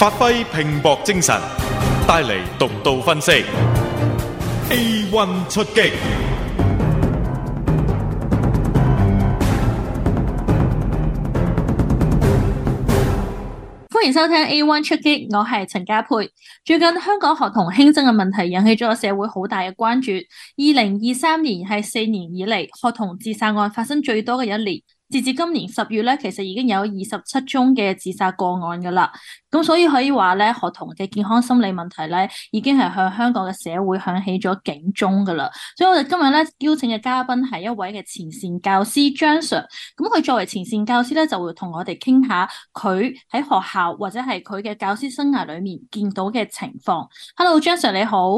發揮拼搏精神，帶嚟獨到分析。A One 出擊，歡迎收聽 A One 出擊。我係陳嘉佩。最近香港學童輕生嘅問題引起咗社會好大嘅關注。二零二三年係四年以嚟學童自殺案發生最多嘅一年。截至今年十月咧，其實已經有二十七宗嘅自殺個案㗎啦。咁所以可以話咧，學童嘅健康心理問題咧，已經係向香港嘅社會響起咗警鐘㗎啦。所以我哋今日咧邀請嘅嘉賓係一位嘅前線教師張 Sir。咁佢作為前線教師咧，就會同我哋傾下佢喺學校或者係佢嘅教師生涯裡面見到嘅情況。Hello 張 Sir，你好，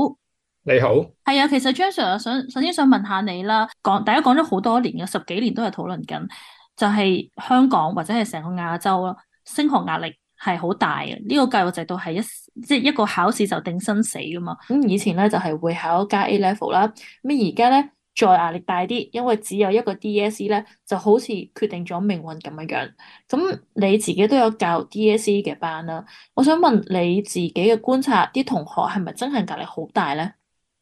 你好。係啊，其實張 Sir，想首先想問下你啦，講大家講咗好多年有十幾年都係討論緊。就係香港或者係成個亞洲咯，升學壓力係好大嘅。呢個教育制度係一即係一個考試就定生死噶嘛。咁以前咧就係會考加 A Level 啦，咁而家咧再壓力大啲，因為只有一個 DSE 咧就好似決定咗命運咁樣樣。咁你自己都有教 DSE 嘅班啦，我想問你自己嘅觀察，啲同學係咪真係壓力好大咧？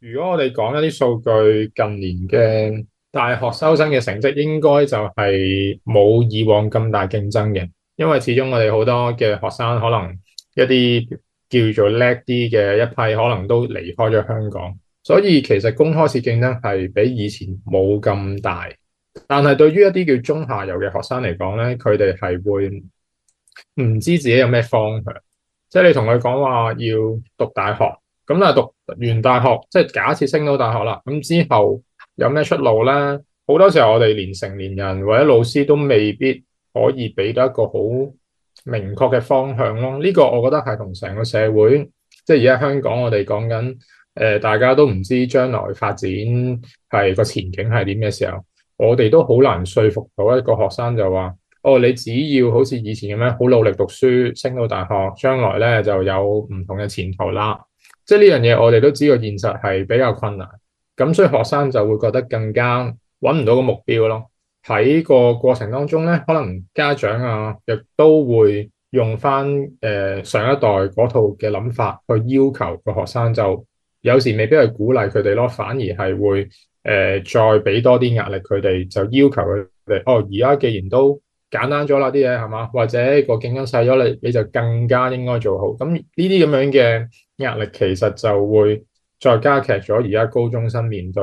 如果我哋講一啲數據，近年嘅。大學收生嘅成績應該就係冇以往咁大競爭嘅，因為始終我哋好多嘅學生可能一啲叫做叻啲嘅一批可能都離開咗香港，所以其實公開試競爭係比以前冇咁大。但係對於一啲叫中下游嘅學生嚟講咧，佢哋係會唔知自己有咩方向，即係你同佢講話要讀大學，咁但係讀完大學，即係假設升到大學啦，咁之後，有咩出路咧？好多時候我哋連成年人或者老師都未必可以俾到一個好明確嘅方向咯。呢、這個我覺得係同成個社會，即係而家香港我哋講緊，誒、呃，大家都唔知將來發展係、這個前景係點嘅時候，我哋都好難說服到一個學生就話：哦，你只要好似以前咁樣好努力讀書，升到大學，將來咧就有唔同嘅前途啦。即係呢樣嘢，我哋都知個現實係比較困難。咁所以學生就會覺得更加揾唔到個目標咯。喺個過程當中咧，可能家長啊亦都會用翻誒、呃、上一代嗰套嘅諗法去要求個學生就，就有時未必係鼓勵佢哋咯，反而係會誒、呃、再俾多啲壓力佢哋，就要求佢哋哦。而家既然都簡單咗啦，啲嘢係嘛？或者個競爭細咗，你你就更加應該做好。咁呢啲咁樣嘅壓力其實就會，再加劇咗而家高中生面對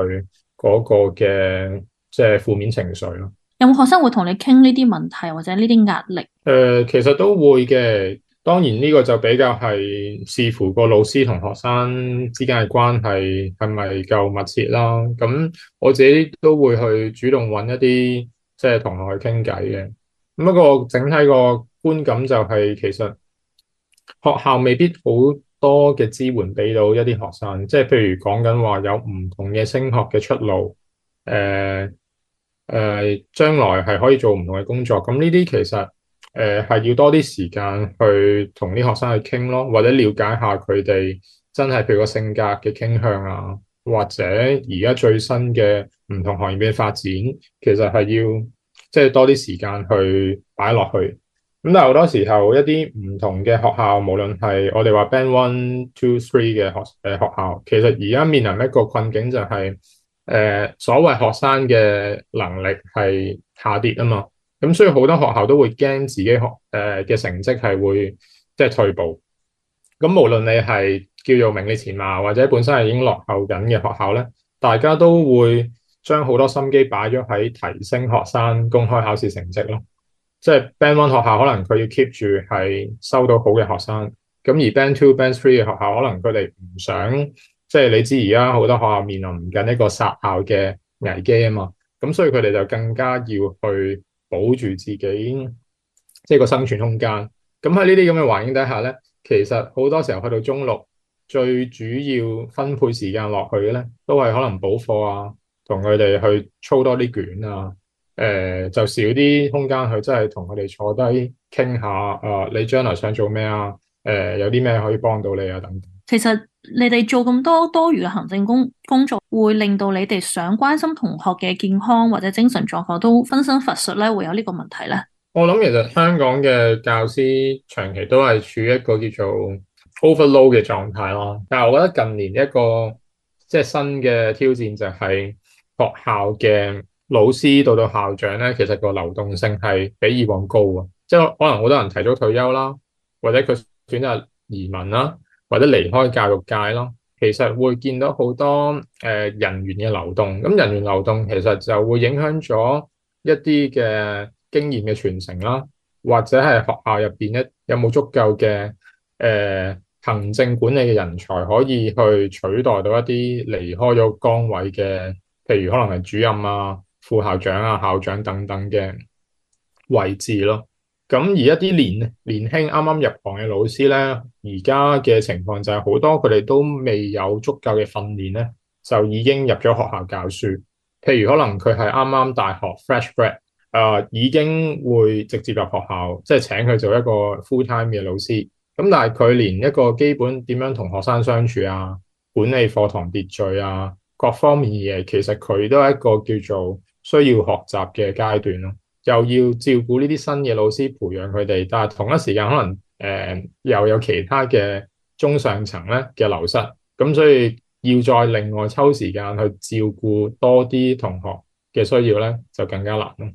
嗰個嘅即係負面情緒咯。有冇學生會同你傾呢啲問題，或者呢啲壓力？誒、呃，其實都會嘅。當然呢個就比較係視乎個老師同學生之間嘅關係係咪夠密切啦。咁我自己都會去主動揾一啲即係同佢傾偈嘅。不、就、過、嗰個、整體個觀感就係、是、其實學校未必好。多嘅支援俾到一啲學生，即係譬如講緊話有唔同嘅升學嘅出路，誒、呃、誒、呃，將來係可以做唔同嘅工作。咁呢啲其實誒係、呃、要多啲時間去同啲學生去傾咯，或者了解下佢哋真係譬如個性格嘅傾向啊，或者而家最新嘅唔同行業嘅發展，其實係要即係、就是、多啲時間去擺落去。咁但好多時候，一啲唔同嘅學校，無論係我哋話 Band One、Two、呃、Three 嘅學誒學校，其實而家面臨一個困境就係、是，誒、呃、所謂學生嘅能力係下跌啊嘛。咁所以好多學校都會驚自己學誒嘅、呃、成績係會即係退步。咁無論你係叫做名列前茅啊，或者本身係已經落後緊嘅學校咧，大家都會將好多心機擺咗喺提升學生公開考試成績咯。即係 Band One 學校，可能佢要 keep 住係收到好嘅學生。咁而 Band Two、Band Three 嘅學校，可能佢哋唔想，即係你知而家好多學校面臨緊一個殺校嘅危機啊嘛。咁所以佢哋就更加要去保住自己即係個生存空間。咁喺呢啲咁嘅環境底下咧，其實好多時候去到中六，最主要分配時間落去咧，都係可能補課啊，同佢哋去操多啲卷啊。誒、呃，就少啲空間去，即係同佢哋坐低傾下。誒、啊，你將來想做咩啊？誒、呃，有啲咩可以幫到你啊？等等。其實你哋做咁多多餘嘅行政工工作，會令到你哋想關心同學嘅健康或者精神狀況都分身乏術咧，會有呢個問題咧？我諗，其實香港嘅教師長期都係處於一個叫做 overload 嘅狀態咯。但係，我覺得近年一個即係新嘅挑戰就係學校嘅。老師到到校長咧，其實個流動性係比以往高啊！即係可能好多人提早退休啦，或者佢選擇移民啦，或者離開教育界咯。其實會見到好多誒、呃、人員嘅流動，咁人員流動其實就會影響咗一啲嘅經驗嘅傳承啦，或者係學校入邊一有冇足夠嘅誒、呃、行政管理嘅人才可以去取代到一啲離開咗崗位嘅，譬如可能係主任啊。副校長啊、校長等等嘅位置咯。咁而一啲年年輕啱啱入行嘅老師咧，而家嘅情況就係好多佢哋都未有足夠嘅訓練咧，就已經入咗學校教書。譬如可能佢係啱啱大學 fresh grad，啊、呃，已經會直接入學校，即係請佢做一個 full time 嘅老師。咁但係佢連一個基本點樣同學生相處啊、管理課堂秩序啊、各方面嘅嘢，其實佢都係一個叫做。需要學習嘅階段咯，又要照顧呢啲新嘅老師培養佢哋，但同一時間可能，呃，又有其他嘅中上層咧嘅流失，咁所以要再另外抽時間去照顧多啲同學嘅需要咧，就更加難了。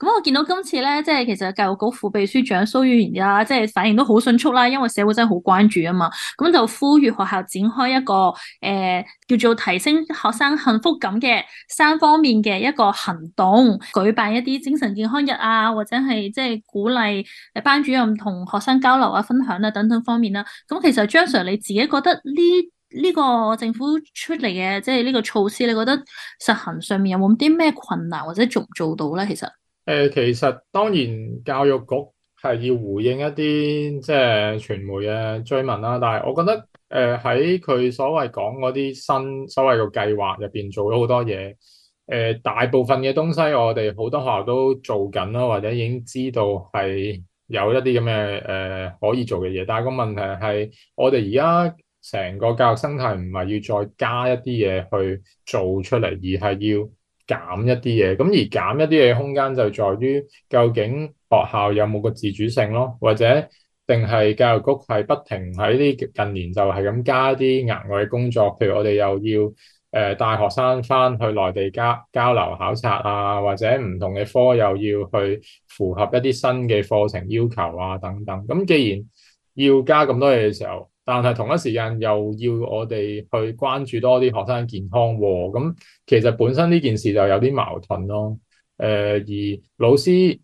咁我見到今次咧，即係其實教育局副秘書長蘇於然啦，即、就、係、是、反應都好迅速啦，因為社會真係好關注啊嘛。咁就呼籲學校展開一個誒、呃、叫做提升學生幸福感嘅三方面嘅一個行動，舉辦一啲精神健康日啊，或者係即係鼓勵誒班主任同學生交流啊、分享啊等等方面啦、啊。咁其實 j s i r 你自己覺得呢呢、這個政府出嚟嘅即係呢個措施，你覺得實行上面有冇啲咩困難，或者做唔做到咧？其實？誒、呃，其實當然教育局係要回應一啲即係傳媒嘅追問啦，但係我覺得誒喺佢所謂講嗰啲新所謂嘅計劃入邊做咗好多嘢，誒、呃、大部分嘅東西我哋好多學校都做緊咯，或者已經知道係有一啲咁嘅誒可以做嘅嘢，但係個問題係我哋而家成個教育生態唔係要再加一啲嘢去做出嚟，而係要。減一啲嘢，咁而減一啲嘢空間就在於究竟學校有冇個自主性咯，或者定係教育局係不停喺呢近年就係咁加啲額外工作，譬如我哋又要誒帶學生翻去內地交交流考察啊，或者唔同嘅科又要去符合一啲新嘅課程要求啊等等。咁既然要加咁多嘢嘅時候，但係同一時間又要我哋去關注多啲學生健康喎、哦，咁其實本身呢件事就有啲矛盾咯。誒、呃，而老師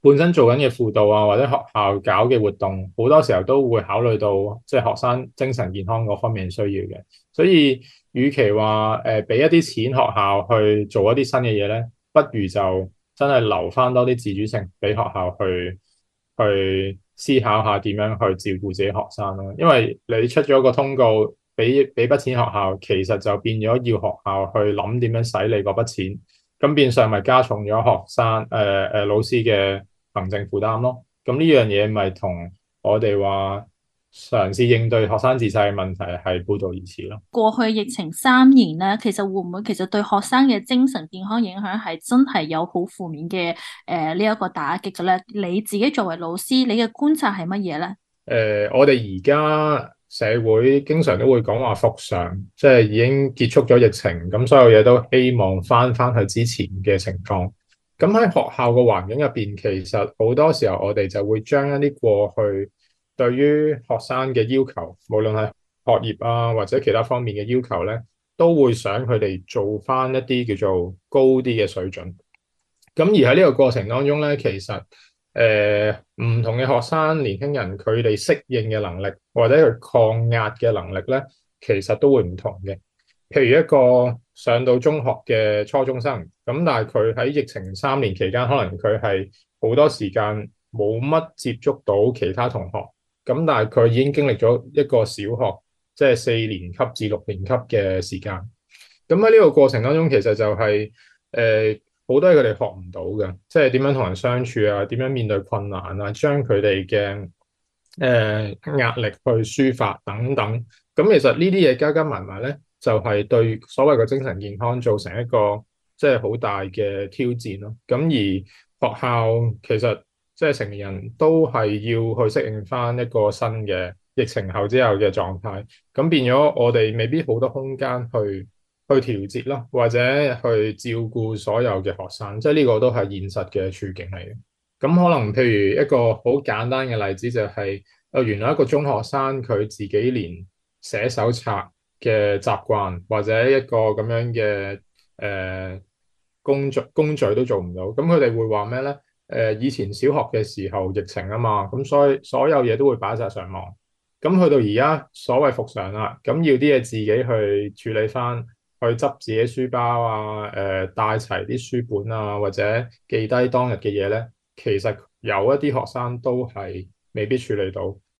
本身做緊嘅輔導啊，或者學校搞嘅活動，好多時候都會考慮到即係、就是、學生精神健康嗰方面需要嘅。所以，與其話誒俾一啲錢學校去做一啲新嘅嘢咧，不如就真係留翻多啲自主性俾學校去去。思考下點樣去照顧自己學生咯，因為你出咗個通告，俾俾筆錢學校，其實就變咗要學校去諗點樣使你嗰筆錢，咁變相咪加重咗學生誒誒、呃呃、老師嘅行政負擔咯，咁呢樣嘢咪同我哋話。嘗試應對學生自殺嘅問題係杯度而次咯。過去疫情三年咧，其實會唔會其實對學生嘅精神健康影響係真係有好負面嘅誒呢一個打擊嘅咧？你自己作為老師，你嘅觀察係乜嘢咧？誒、呃，我哋而家社會經常都會講話復常，即係已經結束咗疫情，咁所有嘢都希望翻翻去之前嘅情況。咁喺學校嘅環境入邊，其實好多時候我哋就會將一啲過去。對於學生嘅要求，無論係學業啊，或者其他方面嘅要求咧，都會想佢哋做翻一啲叫做高啲嘅水準。咁而喺呢個過程當中咧，其實誒唔同嘅學生、年輕人，佢哋適應嘅能力或者佢抗壓嘅能力咧，其實都會唔同嘅。譬如一個上到中學嘅初中生，咁但係佢喺疫情三年期間，可能佢係好多時間冇乜接觸到其他同學。咁但係佢已經經歷咗一個小學，即係四年級至六年級嘅時間。咁喺呢個過程當中，其實就係誒好多嘢佢哋學唔到嘅，即係點樣同人相處啊，點樣面對困難啊，將佢哋嘅誒壓力去抒發等等。咁其實呢啲嘢加加埋埋咧，就係對所謂嘅精神健康造成一個即係好大嘅挑戰咯。咁而學校其實。即係成年人都係要去適應返一個新嘅疫情後之後嘅狀態，咁變咗我哋未必好多空間去去調節咯，或者去照顧所有嘅學生，即係呢個都係現實嘅處境嚟嘅。咁可能譬如一個好簡單嘅例子就係，是，啊原來一個中學生佢自己連寫手冊嘅習慣或者一個咁樣嘅誒、呃、工作工序都做唔到，咁佢哋會話咩咧？誒以前小學嘅時候疫情啊嘛，咁所以所有嘢都會擺晒上網。咁去到而家所謂復常啦，咁要啲嘢自己去處理返，去執自己書包啊，誒帶齊啲書本啊，或者記低當日嘅嘢咧，其實有一啲學生都係未必處理到。